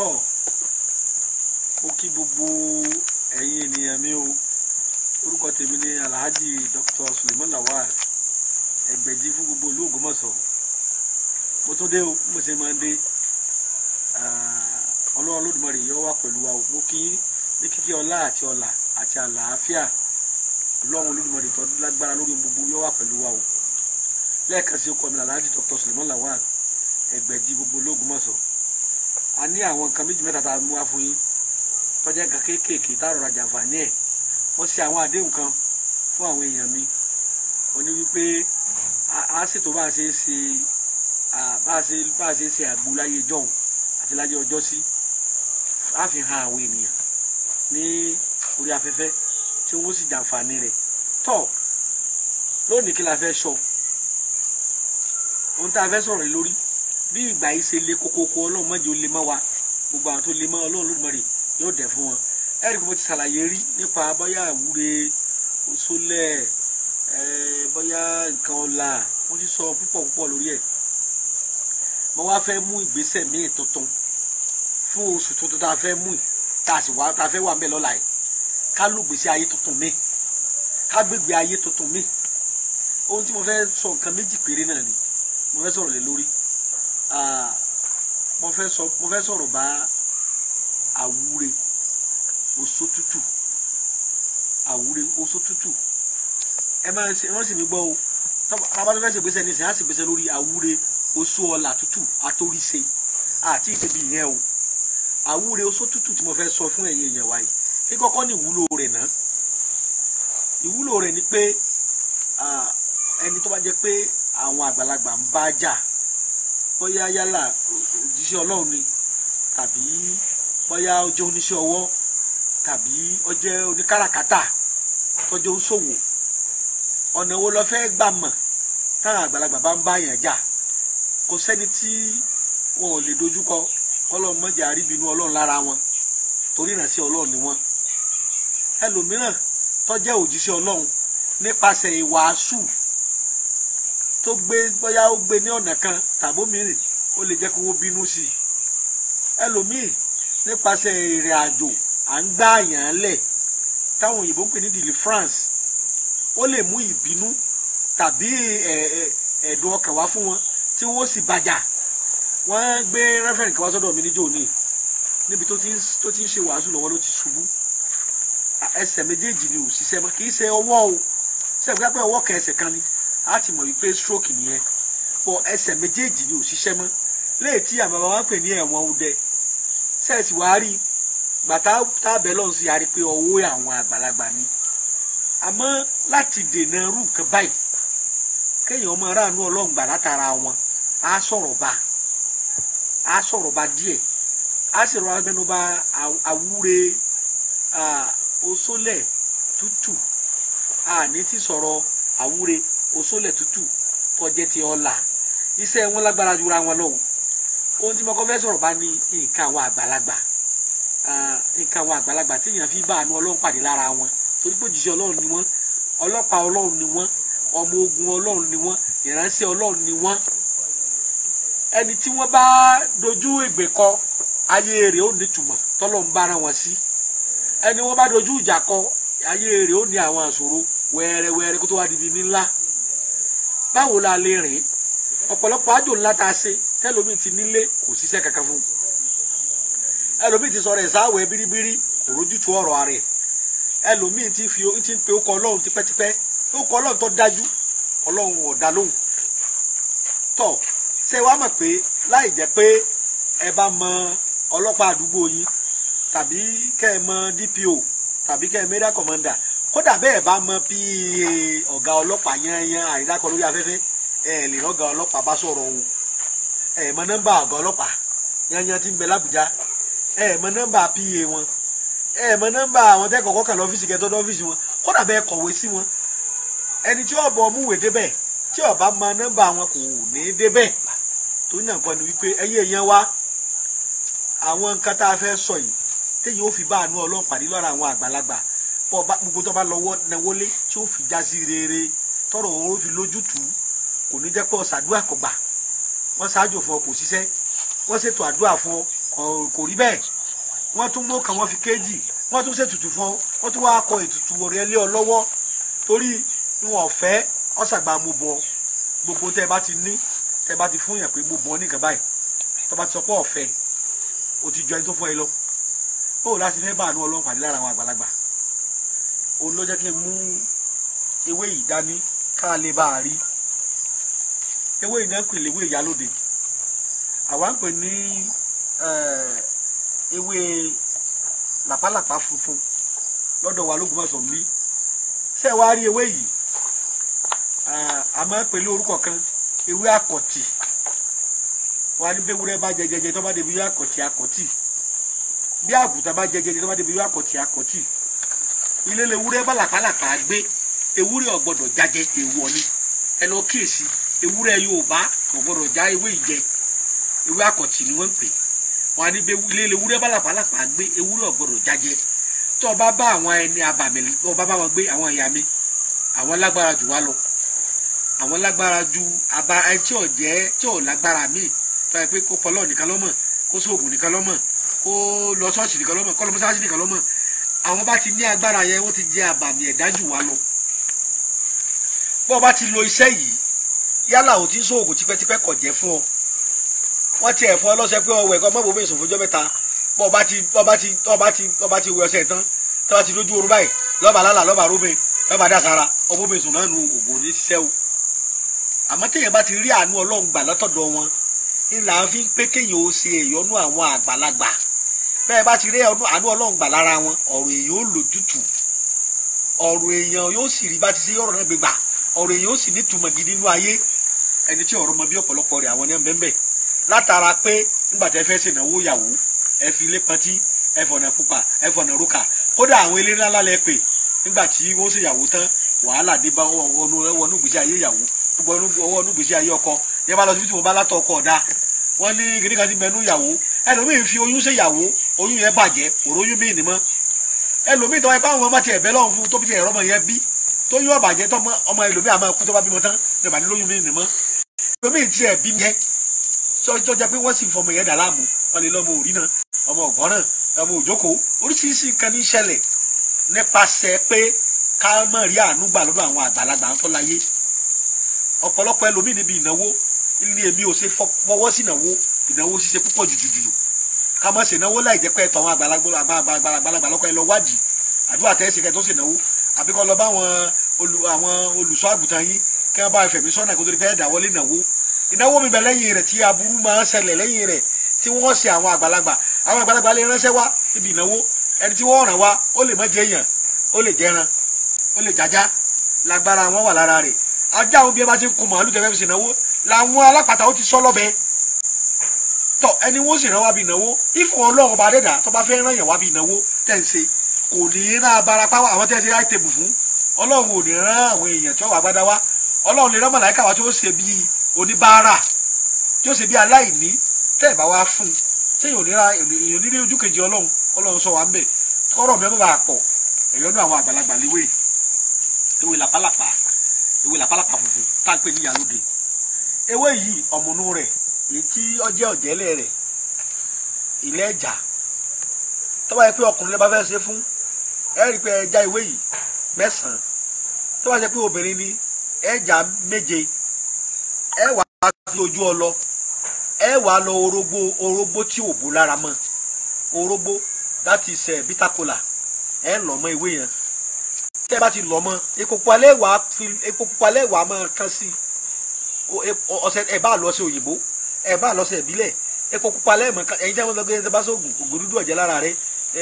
tọ mo kí gbogbo ẹ̀yin ènìyàn mi o orúkọ tèmi ni alhaji dr suleiman lawal ẹgbẹ̀jì fún gbogbo ìlú Ògbómọ̀ṣọ́ mo tún dé o mo ṣe máa ń dé ọlọ́run lódìmọ̀rì yọ wá pẹ̀lú wa o mo kí ní kíkí ọlá àti ọlà àti àlàáfíà ọlọ́run lódìmọ̀rì tó lágbára lórí gbogbo yọ wá pẹ̀lú wa o lẹ́ẹ̀kan sí ọkọ mi alhaji dr suleiman lawal ẹgbẹ̀jì gbogbo ìlú Ògbómọ̀ṣọ́ a ní àwọn nǹkan méjì mẹ́ta tá a mú wá fún yín tọ́jà nǹkan kéékèèké tá a rọra jàǹfààní ẹ̀ wọ́n ṣe àwọn àdéhùn kan fún àwọn èèyàn mi wọ́n ní wípé a ṣètò bá a ṣe ṣe bá a ṣe bá a ṣe ṣe àgbo láyé jọ̀hún àti láyé ọjọ́ sí a fi hàn àwọn ènìyàn ní orí afẹ́fẹ́ tí wọ́n sì jàǹfààní rẹ̀ tọ́ lónìí kí la fẹ́ sọ ohun tá a fẹ́ sọ̀rọ̀ lórí bí ìgbà yìí ṣe le kókókó ọlọ́run má jẹ́ ó le mọ́ wa gbogbo àwọn tó le mọ́ ọlọ́run Olódùmarè yóò dẹ̀ fún wọn ẹ̀rí kò mo ti ṣàlàyé rí nípa bóyá àwúre oṣólẹ̀ bóyá nǹkan ọ̀la mo ti sọ púpọ̀ púpọ̀ lórí ẹ̀ mo wá fẹ́ mú ìgbésẹ̀ míì tuntun fún oṣù tuntun tá a fẹ́ mú tá tá a fẹ́ wà mẹ́ lọ́la yìí ká lògbèsè ayé tuntun míì ká gbégbé ayé tuntun míì ohun tí mo fẹ́ sọ nǹkan méjì péré náà ni mo fẹ́ sọ̀rọ̀ lórí Ah, mo fẹ́ sọ mo fẹ́ sọ̀rọ̀ bá àwúre oṣó tútù àwúre oṣó tútù ẹ máa ń ṣe ẹ máa ń ṣe mí gbọ́ o tábà tó fẹ́ ṣe gbèsè nísìnyí á sì gbèsè lórí àwúre oṣó ọlà tútù àtòrìṣe àti ìṣèbí yẹn o àwúre oṣó tútù tí mo fẹ́ sọ fún ẹ̀yin èèyàn wa yìí kí kọ́kọ́ ní ìwúlò rẹ̀ náà ìwúlò rẹ̀ ni pé ah, ẹni tó bá jẹ́ pé àwọn àgbàlagbà ń bá jà bóyá yálà òjíṣẹ́ ọlọ́run ni tàbí bóyá ó jẹ́ oníṣẹ́ ọwọ́ tàbí ó jẹ́ oníkàràkátà tó jẹ́ oníṣòwò ọ̀nà wo lọ fẹ́ gbà mọ̀ táwọn àgbàlagbà bá ń bá yàn jà kò sẹ́ni tí wọn ò lè dojúkọ kọ́lọ́ọ̀ mọ́jà àríbínú ọlọ́run lára wọn torí ìrànṣẹ́ ọlọ́run ni wọ́n ẹlòmíràn tó jẹ́ òjíṣẹ́ ọlọ́run nípasẹ̀ ìwàásù tó gbé bóyá ó gbé ní ọ̀nà kan tàbómìnrin ó lè jẹ́ kó wọ́n bínú sí i ẹlòmíì nípasẹ̀ ìrìn àjò à ń gbá àyàn lẹ̀ táwọn òyìnbó ń pè ní deliverance ó lè mú ìbínú tàbí ẹ̀dùn ọkàn wá fún wọn tí wọ́n sì bàjà wọ́n gbé rẹ́fẹ̀rìn kan wá sọ́dọ̀ mi níjọ́ òní níbi tó ti ń ṣe wàásù lọ́wọ́ ló ti ṣubú ẹsẹ̀ méjèèjì ni ò ṣiṣẹ́ mọ́ kì í ṣe ọwọ́ o ṣe àgbẹ̀pẹ̀ ọwọ́ kan ẹsẹ̀ kan ni a ti mọ̀ wípé stroke nìyẹn bọ ẹsẹ̀ méjèèjì ni ò ṣiṣẹ́ mọ́ léyìí tí àmàmà wa pè ní ẹ̀wọ̀n ọdẹ sẹ́ẹ̀sì wàá rí gbàtà tábẹ́ lọ́hùn sí yarí pé ọwọ́ àwọn àgbàlagbà ni àmọ́ láti dènà irú nǹkan báyìí kéèyàn ọmọ aráàlú ọlọ́run gbà látara wọn á sọ̀rọ̀ bá á sọ̀rọ̀ bá díẹ̀ á sì rọra mẹ́nu bà àwúre osólẹ̀ tútù àní ti sọ̀rọ̀ àwúre osólẹ̀ tútù tó jẹ́ ti ọ̀la iṣẹ́ wọn lágbára jura wọn lọ o ohun tí mo kọ́ fẹ́ sọ̀rọ̀ bá ní nǹkan àwọn àgbàlagbà nǹkan àwọn àgbàlagbà téèyàn fi bá àánú ọlọ́run pàdé lára wọn torí pé òjìṣẹ́ ọlọ́run ni wọ́n ọlọ́pàá ọlọ́run ni wọ́n ọmọ ogun ọlọ́run ni wọ́n ìránṣẹ́ ọlọ́run ni wọ́n ẹni tí wọ́n bá dojú ègbè kọ ayé rẹ̀ ó nítumọ̀ tọ́lọ́ ń bára wọn sí ẹni wọ́n bá dojú ìjà kọ ayé rẹ̀ ó ní àwọn àṣòro wẹ́rẹ́wẹ́rẹ́ kó tó wá di ibi ńlá báwo la lè rìn ọ̀pọ̀lọpọ̀ àjò ńlá tá a ṣe tẹ́lómi ti nílé kò ṣiṣẹ́ kankan fún un ẹlòmíì ti sọ̀rọ̀ ẹ̀ sáwẹ̀ bíríbírí kò rójútu ọ̀rọ̀ ààrẹ ẹlòmíì ti fi ti ń pe ó kọ ọlọ́run tipẹ́tipẹ́ ó kọ ọlọ́run tó dájú ọlọ́run ọ̀dà lóhùn tọ̀ ṣé wàá mọ̀ pé láì jẹ́ pé ẹ bá mọ ọlọ́pàá àdúgbò yín tàbí kẹ́ ẹ mọ DPO tàbí kẹ́ ẹ mẹ́dà kọ̀mọ́ndà kódà bẹ́ẹ̀ bá mọ pa ọ̀gá ọlọ́pàá yẹn yẹn àrídàkọ lórí afẹ́fẹ́ ẹ lè rọ́gà ọlọ́pàá bá sọ̀rọ̀ o ẹ mọ nọ́mbà ọ̀gá ọlọ́pàá yanyan ti ń bẹ lábújá ẹ mọ nọ́mbà pa wọn ẹ mọ nọ́mbà àwọn tẹ́kọ̀ọ́kọ́ kan lọ́fíìsì kẹtọ́ lọ́fíìsì wọn kódà bẹ́ẹ̀ kọ̀wé sí wọn ẹni tí ọ̀bọ̀ múwèé débẹ̀ tí ọba mọ nọ́mbà wọn kò ní débẹ̀ tó ní nǹkan ni wípé ẹyẹ èèyàn wa àwọn nǹkan tá a fẹ́ sọ yìí téèyàn ó fi bá àánú ọlọ́pàá ní lọ́ra àwọn àgbàlagbà gbogbo tó bá lọ́wọ́ náwó lé tí ó fi já sí rere tọrọ òun ó fi lójútùú kò ní jẹ́ pé ọ̀sàdúà kò gbà wọ́n ṣáájú fún ọ kò ṣiṣẹ́ wọ́n ṣètò àdúà fún ọ kò rí bẹ́ẹ̀ wọ́n tún mú kàn wọ́n fi kéjì wọ́n tún ṣètùtù fún ọ wọ́n tún wáá kọ ètùtù rẹ lé ọ lọ́wọ́ torí wọn ọ̀fẹ́ ọ̀sàgbà mo bọ gbogbo tẹ́ ẹ bá ti ní tẹ́ ẹ bá ti fún yàn pé mo bọ nìkan báyìí tọ́ bá ti sọ pé ọ̀fẹ́ o ti jọ ẹni tó fún ẹ lọ bóò láti fẹ́ bá àánú ọlọ́run pàdé lára àwọn àgbàlagbà òun ló jẹ́ kí n mú ewé yìí dání ká lè bá a rí ewé iná pè léwé ìyálóde àwa ń pè ní eh, ewé làpálàpá funfun lọ́dọ̀ wa lógúnmọ̀sán bí ṣé ẹ wá rí ewé yìí àmọ́ eh, pẹ̀lú orúkọ kan ewé àkọ̀tì wà ní bẹ́wúrẹ́ bá jẹjẹjẹ tó bá débi yóò àkọ̀tì àkọ̀tì bí àgùntàn bá jẹjẹjẹ tó bá débi yóò àkọ̀tì àkọ̀tì ilé lewúrẹ́ bá làpálàpá gbé ewúrẹ́ ò gbọ́dọ̀ èèwọ̀ ni ẹ lọ kíyèsí ewúrẹ́ yorùbá kò gbọdọ̀ já ewé ìjẹ ewé àkọ̀tì ni wọ́n ń pè wọn á ní bẹ ilé ewúrẹ́ bálàbálàpà gbé ewúrẹ́ ò gbọdọ̀ jájẹ tó o bá bá àwọn ẹni abàmì tó o bá bá wọn gbé àwọn ìyá mi àwọn lágbára jù wá lọ àwọn lágbára ju aba ẹ tí tí ò lágbára míì tó pé kó pọlọ nìkan lọ́mọ̀ kó sóògùn nìkan lọ́mọ̀ kó lọ ṣọ́ọ̀ṣì nìkan lọ́mọ̀ kó lọ mọ́ṣáláṣí nìkan lọ́mọ̀ àwọn bá ti ní agbára yẹn wọ́n ti jẹ abàmì ẹ̀dá jù wá lọ bó bá ti lo iṣẹ́ yìí yálà ò ti ń sóògùn tipẹ́tipẹ́ kọ̀ jẹ́ fún ọ wọ́n ti ẹ̀fọ́ ọlọ́sẹ̀ pé ọwọ́ ẹ̀kọ́ mọ́bò mi ìsòfojọ́ mẹ́ta bọ́ ọba ti ọba ti ọba ti ọba ti wẹ ọsẹ̀ tán tọ́ba ti lójú orun báyìí lọ́ba lálà lọ́ba rómi lọ́ba dàsára ọbọ̀ mi ìsùn náà nu ní ṣiṣẹ́ o àmọ́ téèyàn bá ti rí àánú ọlọ́run gbà lọ́tọ̀dọ̀ wọn ńlá fi ń pé kéèyàn ó ṣe ìyọ́nú àwọn àgbàlagbà bẹ́ẹ̀ bá ti rí àánú ọlọ́run gbà lára wọn ọ̀rọ̀ èèyàn ó lòjútùú ọ̀rọ̀ èèyàn yóò sì rí bá ti ṣe yọ̀rọ̀ náà gbégbà ọ̀rọ̀ èèyàn ó sì nítumọ̀ gidi nínú ayé ẹni tí ọ̀rọ̀ mọ bí ọ̀pọ̀lọpọ̀ rẹ̀ àwọn ní ẹ̀ńbẹ̀ńbẹ̀ látara pé nígbà tẹ́ fẹ́ ṣènáwó ìyàwó ẹ fi ilé pọntí ẹ fọ̀nà pupa ẹ fọ̀nà rúkà kódà àwọn ilé ńlá lẹ pè nígbà tí wọ́n ṣèyàwó tán wàhálà dé bá wọnú ìgbésí ayé ìyàwó wọnú ìgbésí ayé ọkọ yẹn bá lọ síbi tí mo bá látọ̀ ọkọ ọ̀dà wọ́n ní gidi kan ti mẹnu ìyàwó ẹlòmíín fi oyún ṣèyàwó oyún yẹn bàjẹ́ òrò oyún míì ní mọ́ ẹlòmíín tó wáyé pàwọn ọmọ tiẹ̀ bẹ́ lọ́hùn fún tó fi tiẹ̀ rọ́mọ yẹn bí tó yún ọ̀bàjẹ́ tó ọmọ ẹlòmíín àmọ́ kú tó bá bímọ tán ìjọba ní lóyún míì ní lómi ti ẹ̀ bí mi yẹ sọjọ́ jẹ́ pé wọ́n sì fọmọ yẹn dà láàmú wọn lè lọ́mọ òrí náà ọmọ ọ̀gbọ́n náà ọmọ òjókòó oríṣiríṣi nǹkan ní ṣẹlẹ̀ nípasẹ̀ pé ká mọ̀ rí àánú gbà lọ́dọ̀ àwọn àgbàlagbà ń tọ́ láyé ọ̀pọ̀lọpọ̀ ẹlòmíì níbi ìnáwó ilé èmi ò ṣe fọwọ́ sí ìnáwó ìnáwó ṣíṣe púpọ̀ jùjùjù ká mọ̀ ṣe ìnáwó láì jẹ́ pé ẹ̀tọ́ àwọn àgbàlagbà lọ́kọ̀ ẹ lọ wádìí àdúrà tẹ́ ṣe kẹ́ tó ṣe ìnáwó àbíkọ́ lọ bá àwọn olùṣọ́ àgùntàn yín kí wọ́n bá fẹ̀mí sọ́nà kó torí pé ẹ̀dá wọlé náwó ìnáwó mi bẹ̀ lẹ́yìn rẹ̀ tí aburú máa ń ṣẹlẹ̀ lẹ́yìn rẹ̀ tí wọ́n ṣe àwọn àgbàlagbà àwọn àgbàlagbà lè ránṣẹ́ wá ibi ìnáwó ẹni tí wọ́n ràn wá ó lè má jẹ èèyàn ó lè jẹran ó lè jájá lágbára wọn wà lára rẹ̀ ajá àwọn bí ẹ bá ti ń kun màálù tẹ́fẹ́ fi ṣe ìnáwó làwọn alápàtà ó ti sọ lọ́bẹ tọ ẹni wọ́n sì ràn wá ìnáwó ìfọ̀ ọlọ́run bá ọlọ́run lè rán màláìka wa tí ó ṣe bí oníbàárà tí ó ṣe bí aláìní tẹ́ ẹ̀ bá wá fún un ṣé èèyàn onírè ojú kejì ọlọ́run ọlọ́run sọ wá ń bẹ̀ ọ̀rọ̀ mi bá pọ̀ ẹ̀yọ́nú àwọn àgbàlagbà léwé ewé làpálàpá ewé làpálàpá funfun tá à ń pè ní ìyálóde ewé yìí ọ̀mùnú rẹ̀ èyí tí ọjẹ́ ọ̀jẹ́lẹ̀ rẹ̀ ilé ẹ̀jà tó bá yẹ pé ọkùnrin lè bá fẹ́ ṣe fún ẹ rí i pé ẹja ewé yìí mẹ́sàn-án tó bá yẹ pé obìnrin ni ẹja méje ẹ wà á fi ojú ọ lọ ẹ wà á lọ orógbó orógbó tí ò bó lára mọ́ orógbó that is uh, bitter kola ẹ lọ mọ ewé yẹn tẹ bá ti lọ mọ epo pupa lẹwà fi epo pupa lẹwà máa kán sí e, ọṣẹ ẹ bá lọ sí òyìnbó ẹ bá lọ sí ìbílẹ̀ epo pupa lẹẹmọ ẹyin tí wọn lọ gbé ẹni tí bá sọ ògùn ògùn dúdú ọjẹ lára rẹ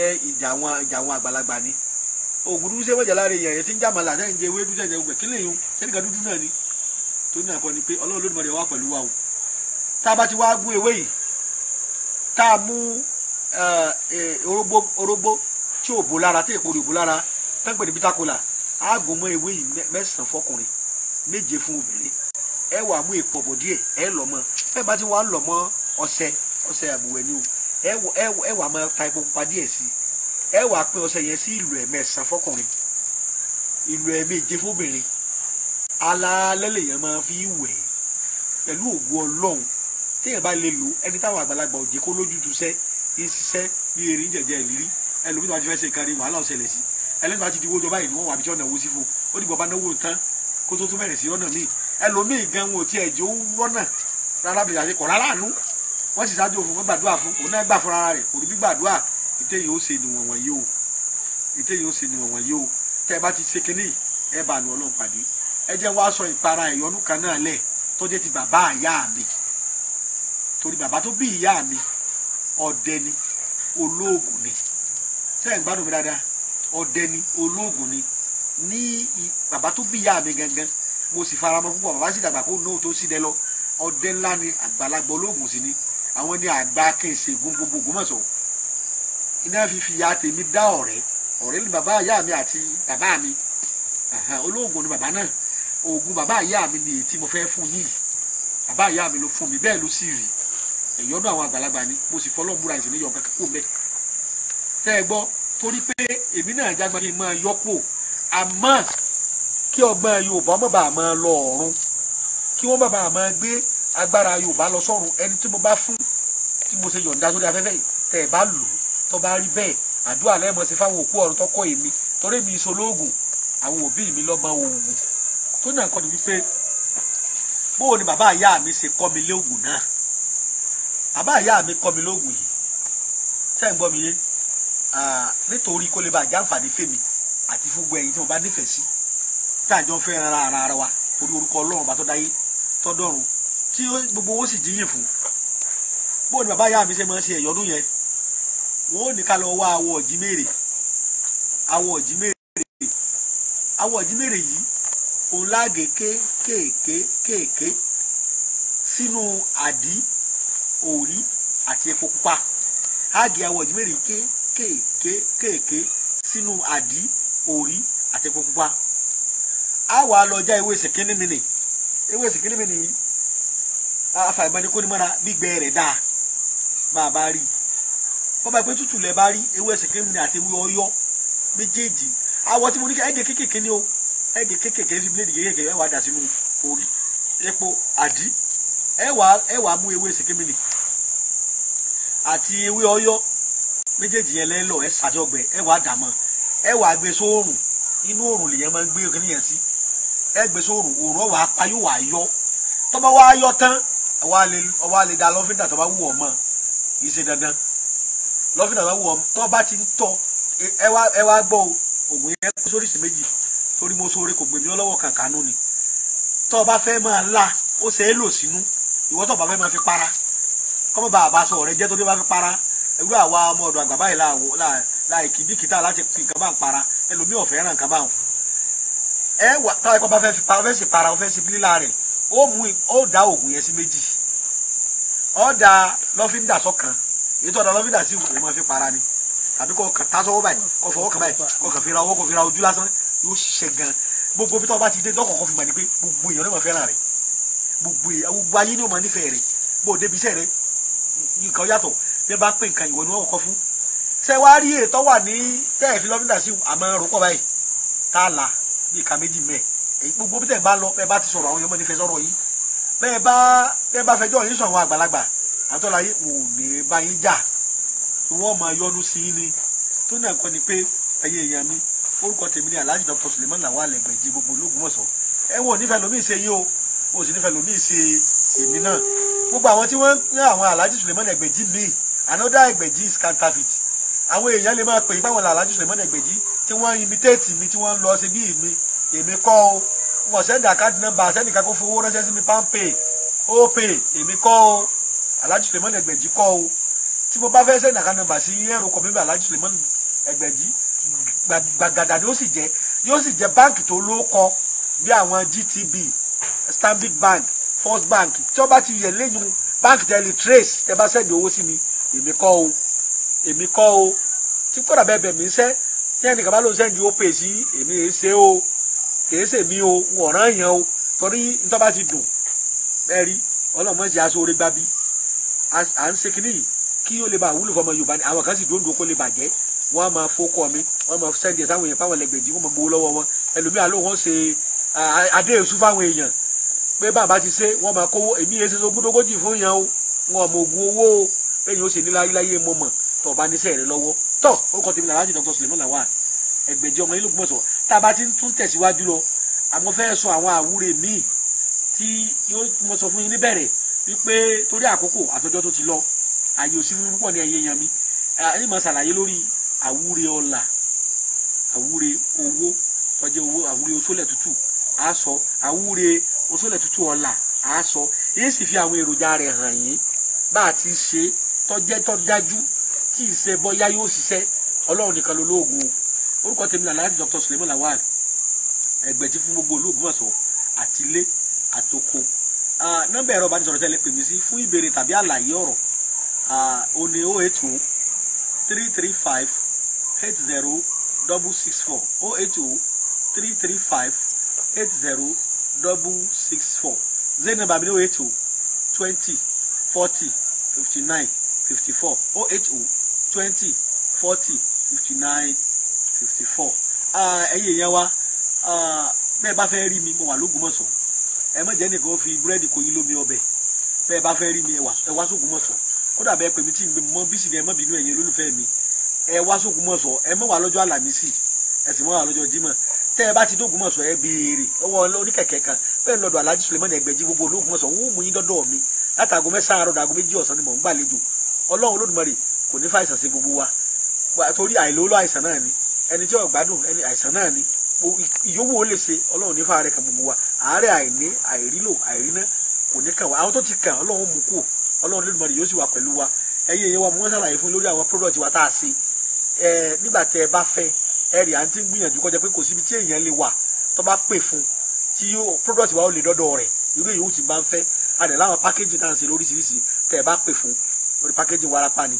ẹ ìjà àwọn àgbàlagbà ni ògùn dúdú sẹ́wọ́n jàlára èèyàn yẹn ti ń jàmàlà sẹ́yìn jẹ ewé dúdú sẹ́yìn jẹ kí lèyìn sẹ́nìkan dúdú náà ni tó ní àkọ́ni pé ọlọ́run lódìmọ̀dé wà pẹ̀lú wa o tá a bá ti wá gún ewé yìí tá a mú orógbó orógbó tí ò bó lára tí èpo rè bó lára tán pè ní bítákùlà á gùn mọ́ ewé yìí mẹ́sàn-án fọkùnrin méje fún obìnrin ẹ wà mú èpo ọ̀bọ̀ díẹ̀ ẹ lọ̀ mọ́ ẹ bá ti wá lọ̀ mọ́ ọṣẹ ọṣẹ àbùwẹ̀ ni o ẹ wà mọ́ ta epo pupa díẹ̀ sí ẹ wàá pín ọṣẹ yẹn sí ìlú ẹ̀mẹ́sàn fọkùnrin ìlú ẹ̀méje fóbìnrin alaalẹ́ lèèyàn máa fi wẹ̀ pẹ̀lú ògo ọlọ́run téèyàn bá lè lò ẹni táwọn àgbàlagbà òjì kó lójútu sẹ́ ń ṣiṣẹ́ bí erin jẹ̀jẹ̀ ìrírí ẹlòmíràn bá ti fẹ́ ṣe ìkàrí wàhálà ọ̀ṣẹlẹ̀ sí ẹlẹ́nu bá ti di owó jọba ìlú wọn wà bí tí ọ̀nà owó sí fún rárá bìrì àti kọ̀ rárá àánú wọ́n sì ṣáájú òfin wọn gbàdúrà fún òun náà gbà fún rárá rẹ̀ kò bí gbàdúrà ìtẹ̀yìn ó ṣe nìwọ̀n wọ̀nyí o ìtẹ̀yìn ó ṣe nìwọ̀n wọ̀nyí o tẹ́ ẹ bá ti ṣe kínní ẹ bá nu ọlọ́run pàdé ẹ jẹ́ wá sọ ìpara ìyọnu kan náà lẹ̀ tó jẹ́ ti bàbá ìyá mi torí bàbá tó bí ìyá mi ọdẹ ni olóògùn ni sẹ́yìn gbádùn mi dáadáa ọdẹ ni olóògùn ni ní bàbá tó bí ìyá mi gangan mo sì faramọ́ púpọ̀ bàbá sì dàgbà kó náà tó sì dẹ lọ ọdẹ ńlá ni àgbàlagbà olóògùn sì ni àwọn ni àgbà kẹsẹ̀gùn gbogbo ògùn mọ̀sọ̀ọ́ iná fífi ya tèmi dá ọ̀rẹ́ ọ̀rẹ́ ni bàbá ìyá mi àti bàbá mi olóògùn ni bàbá náà oògùn bàbá ìyá mi ni ètí mo fẹ́ fún yìí bàbá ìyá mi ló fún mi bẹ́ẹ̀ ló sì rí ìyọnu àwọn àgbàlagbà ni mo sì fọlọ́ múra ìsìn níyọ̀ kankan kó mẹ́ tẹ́ ẹ gbọ́ torí pé èmi náà jágbá kí n máa yọ́pò àmọ́ kí ọgbọ́n Yorùbá má bàa máa lọ ọ̀run kí wọ́n má bàa máa gbé agbára Yorùbá lọ sọ́run ẹni tí mo bá fún tí mo ṣe yọ̀ǹda sórí afẹ́fẹ́ yìí tẹ́ ẹ bá lò ó tó bá rí bẹ́ẹ̀ àdúrà lẹ́mọ̀ sí fáwọn òkú ọ̀run tọkọ èmi torí mi sọ àwọn òbí mi lọ́mọ oògùn tó náà kọ́ ni wípé bóò ni bàbá ìyá mi ṣe kọ́ mi lóògùn náà bàbá ìyá mi kọ́ mi lóògùn yìí sẹ́yìn gbọ́ mi yé nítorí kó lè bá àjàǹfààní fèmi àti fún gbogbo tí mo bá nífẹ̀ẹ́ sí tá àjọ ń fẹ́ ara ara ara wa torí orúkọ ọlọ́run bá tó dáyé tọ́dọ̀run tí gbogbo owó sì jíyìn fún bóò ni bàbá ìyá mi ṣe máa ṣe ẹ̀yọ́dún yẹn wọn ò ní ká lọ wá awọ ọ̀jìmèrè awọ ọ̀jìmèrè awọ ọ̀jìmèrè yìí òun láàgé kéèké kéèké sínú àdí òrí àti epo pupa áàgé awọ ọ̀jìmèrè yìí kéèké kéèké sínú àdí òrí àti epo pupa lọ já ewé ewé rẹ̀ dáa bá bá pẹ́ tútù lẹ́ bá rí ewé ẹsẹ̀ kírìmù ni àti ewé ọyọ́ méjèèjì àwọ̀ tí mo ní kí ẹ̀gẹ̀ kékèké ni o ẹ̀gẹ̀ kékèké fi bíléèdì kékèké ẹ̀ wá dà sínú orí epo àdí ẹ̀ wá ẹ̀ wá mú ewé ẹsẹ̀ kírìmù ni àti ewé ọyọ́ méjèèjì yẹn lẹ́lọ̀ ẹ̀ sàjọgbẹ̀ ẹ̀ wá dà mọ́ ẹ̀ wá gbé sóòrùn inú òòrùn lèyẹn máa ń gbé kíní yẹn sí ẹ̀ gbé sóòrùn òòrùn ọ̀wà apá yóò wá yọ tọ́ba wá yọ tán ọwọ́ àlè dá lọ́fíńdà tọ́ba wù ọ́ mọ́ ìṣe dandan lọ́fíìnà bá wù ọ tó bá ti ń tọ ẹ wá ẹ wá gbọ́ o ògùn yẹn kó sórí sí méjì torí mo sóore kò gbèmí lọ́wọ́ kàkánú ni tó bá fẹ́ máa la ó ṣe é lò sínú ìwọ tó bá fẹ́ máa fi para kọ́mọ bá àbá sọ ọ̀rẹ́ jẹ́ torí bá fi para irú àwa ọmọ ọ̀dọ̀ àgbà báyìí láì kìbìkítà láti fi nǹkan bá ń para ẹlòmíì ọ̀fẹ́ ràn nǹkan bá wọn ẹ wà táwọn ẹ̀kọ́ bá fẹ́ fi para ó fẹ́ sì para ó fẹ́ sì bílí láàrẹ̀ ó mú ó dá oògùn yẹn sí méjì ó dá lọ́fíńdà sọ́kan ètò ọ̀dọ̀ lọ́fíìdà sí ìwé máa fi para ni tàbí kò kàtá sọ́wọ́ báyìí kò fọwọ́ kàn báyìí kò kàn fi ra ọwọ́ kò fi ra ojú lásán yóò ṣiṣẹ́ gan gbogbo bí tọ́ bá ti dé lọ́kọ̀ọ́kọ́ fi mà ní pé gbogbo èèyàn ló máa fẹ́ràn rẹ̀ gbogbo èèyàn gbogbo ayé ni ó máa nífẹ̀ẹ́ rẹ̀ bó o débi iṣẹ́ rẹ̀ nǹkan yàtọ̀ bí ẹ bá pè nǹkan ìwọ ni wọ́n kọ́ fún ṣé wàá rí ètò wà ní tẹ́ẹ̀ fi lọ́fíìdà sí àmọ́ rọ́pọ̀ báyìí tá a la bí ìka méjì mẹ́ẹ̀ èyí gbogbo bí tẹ̀ bá lọ bẹ́ẹ̀ bá ti sọ̀rọ̀ àwọn èèyàn mọ̀ nífẹ̀ẹ́ sọ̀rọ̀ yìí bẹ́ẹ̀ bá bẹ́ẹ̀ bá fẹjọ́ yìí sọ àwọn àgbàlagbà àtọ́láyé wò lè bá yín jà wọ́n máa yọnu sí yín ni tó ní àkọ́ ni pé ẹ̀yin èèyàn mi orúkọ tèmi ni Alhaji Dr. Suleiman Lawal Ẹgbẹ̀ji gbogbo l'Ógbómọ̀ṣọ́ ẹ wò nífẹ̀ẹ́ lómi ìṣe yín o wò sì nífẹ̀ẹ́ lómi ìṣe èmi náà gbogbo àwọn tí wọ́n ń pín àwọn Alhaji Suleiman Ẹgbẹ̀ji mi anoda Ẹgbẹ̀ji is counterfeit àwọn èèyàn lè máa pè é báwọn Alhaji Suleiman Ẹgbẹ̀ji tí wọ́n imitate mi tí wọ́n ń lọ ṣe bí èmi èmi kọ́ o wọ́n sẹ́ndà káàdì nọ́mbà sẹ́nìkan kó fowó ránṣẹ́ sí mi pampe ó pè èmi kọ́ o alhaji suleiman ẹgbẹ̀jì kọ́ o tí mo bá fẹ́ sẹ́yìn àká nọmba sí ẹ̀rọ kọ̀ mẹ́bà alhaji suleiman ẹgbẹ̀jì gbàgàdà ni ó sì jẹ́ yóò sì jẹ́ báǹkì tó ló kọ bí àwọn gtb stanbic bank first bank tí wọ́n bá ti yẹ lẹ́yìn báǹkì tẹ́lẹ̀ trace tẹ́ bá sẹ́yìn owó sí mi èmi kọ́ o èmi kọ́ o tí kọ́dà bẹ́ẹ̀ bẹ̀ mí sẹ́ tí ẹnìkan bá ló ń sẹ́yìn ó pè sí èmi èé ṣe o kèé ṣèmi o ń ọ̀ràn yẹn o torí nítorí bá ti dùn ẹ rí ọlọ́mọ ṣe aṣọ orí gbábí à ń ṣe kínní yìí kí ó lè bá wúlò fọmọ yorùbá ni àwọn kan sì dúró ń dúró wọ́n á máa fọ́kọ́ mi wọ́n máa sẹ́ndì sáwọn èèyàn fáwọn ẹlẹgbẹ̀dì wọ́n máa gbowó lọ́wọ́ wọn ẹlòmíà ló wọ́n ṣe adé èṣù fáwọn èèyàn pé bàbá ti ṣe wọ́n máa kówó èmi èsì tó gúdógójì fún yàn o wọn mọ ogun owó o lẹ́yìn ó ṣe ní láyéláyé mo mọ̀ tó bá níṣẹ́ rẹ lọ́wọ́ tó ó kọ́ tèmi làlájì Dr. Suleiman Lawal ẹgbẹ̀jẹ̀ ọmọ ilé gbọ́sọ̀ tá wípé torí àkókò àtọjọ́ tó ti lọ àyè òsì fún púpọ̀ ní ẹyẹ yan mi ẹ máa ṣàlàyé lórí àwúre ọlà àwúre owó tọjẹ owó àwúre oṣólẹ tútù á sọ àwúre oṣólẹ tútù ọlà á sọ yìí sì fi àwọn èròjà rẹ̀ hàn yín bá a ti ṣe tọjẹ tó dájú tí ìṣe bóyá yóò ṣiṣẹ́ Ọlọ́run nìkan ló lóògùn orúkọ tèmi là láti Dr. Suleiman Lawal ẹgbẹ̀tì fún gbogbo olóògùn mọ̀sán àtìlé àtòkò Ah, nọ́mbà ẹ̀rọ ìbánisọ̀rọ̀ tẹ́lẹ̀ pè mí sí fún ìbéèrè tàbí àlàyé ọ̀rọ̀ òní ah, o eight o three three five eight zero double six four o eight o three three five eight zero double six four zero nọ́mbà mi ní o eight o twenty forty fifty nine fifty four o eight o twenty forty fifty nine fifty four ah, ẹ̀yin èèyàn wa bẹ́ẹ̀ bá fẹ́ rí mi mo wà lógúnmọ̀sán ẹ má jẹ́ nìkan fi búrẹ́dì kò yí lómi ọbẹ̀ bẹ́ẹ̀ bá fẹ́ rí mi ẹ wá sókun mọ̀sọ̀ kódà bẹ́ẹ̀ pèmí tí n gbé mọ́ bísí ni ẹ má bínú ẹ̀yin olólùfẹ́ mi ẹ wá sókun mọ̀sọ̀ ẹ má wá lọ́jọ́ àlàmísì ẹ sì má wá lọ́jọ́ jímọ̀ tẹ́ ẹ bá ti dógun mọ̀sọ̀ ẹ béèrè ọwọ́ oníkẹ̀kẹ́ kan bẹ́ẹ̀ lọ́dọ̀ alhaji suleiman ẹgbẹ̀jì gbogbo ológun mọ̀sọ̀ ń mi látàgọ́ mẹ́sàn-án àárọ̀ dàgọ́ méjì ọ̀sán ni mò ń gbàlejò ọlọ́run olódùmarè kò ní fàìsàn sí gbogbo wa torí àìlówó àìsàn náà ni ẹni tí ó gbádùn àìsàn náà ìyówó ó lè ṣe ọlọ́run nífa rẹ̀ kan gbogbo wa àárẹ̀ àìní àìrílò àìríná kò ní kàn wá àwọn tó ti kàn ọlọ́run mú kú ọlọ́run lórí mọ̀lẹ́ yóò sì wà pẹ̀lú wa ẹ̀yin èyí wa mo ń ṣàlàyé fún lórí àwọn product wa tá a ṣe ẹ nígbà tẹ ẹ bá fẹ ẹ rí à gbìyànjú kọjá pé kò síbi tí èèyàn lè wà tó bá pè fún tí product wa ó lè dọ́dọ̀ rẹ̀ irú èyí ó ti bá ń fẹ́ a láwọn pákéjì tá ṣe lóríṣiríṣi tẹ ẹ bá pè fún lórí pákéjì warapa ni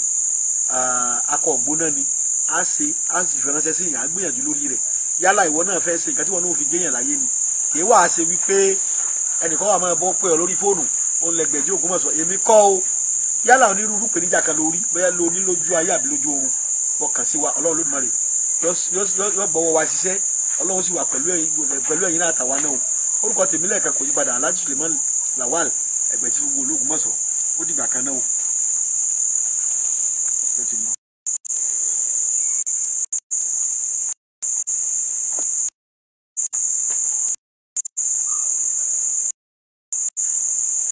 akọ ògbóná ni a ṣe a sì fi sí yàn á lórí rẹ̀ yálà ìwọ náà fẹ́ ṣe nǹkan tí wọn náà fi géèyàn láyé ni kì í wàá ṣe wípé ẹnìkan wà máa bọ́ pé ọ lórí fóònù òun lẹ́gbẹ̀ẹ́dì Ògbómọ̀ṣọ́ èmi kọ́ o yálà onírúurú pèníjà kan lórí bóyá lo ní lójú ayé àbí lójú oorun wọ́n kàn sí wa Ọlọ́run Olódùmarè yọ bọ̀wọ̀ wa ṣiṣẹ́ Ọlọ́run sì wà pẹ̀lú ẹ̀yin náà àtàwa náà orúkọ tèmi lẹ́ẹ̀kan kò yípadà Alhaji Suleiman Lawal ẹgbẹ̀tì gbogbo ológun mọ̀sọ̀ ó dìgbà kan náà o.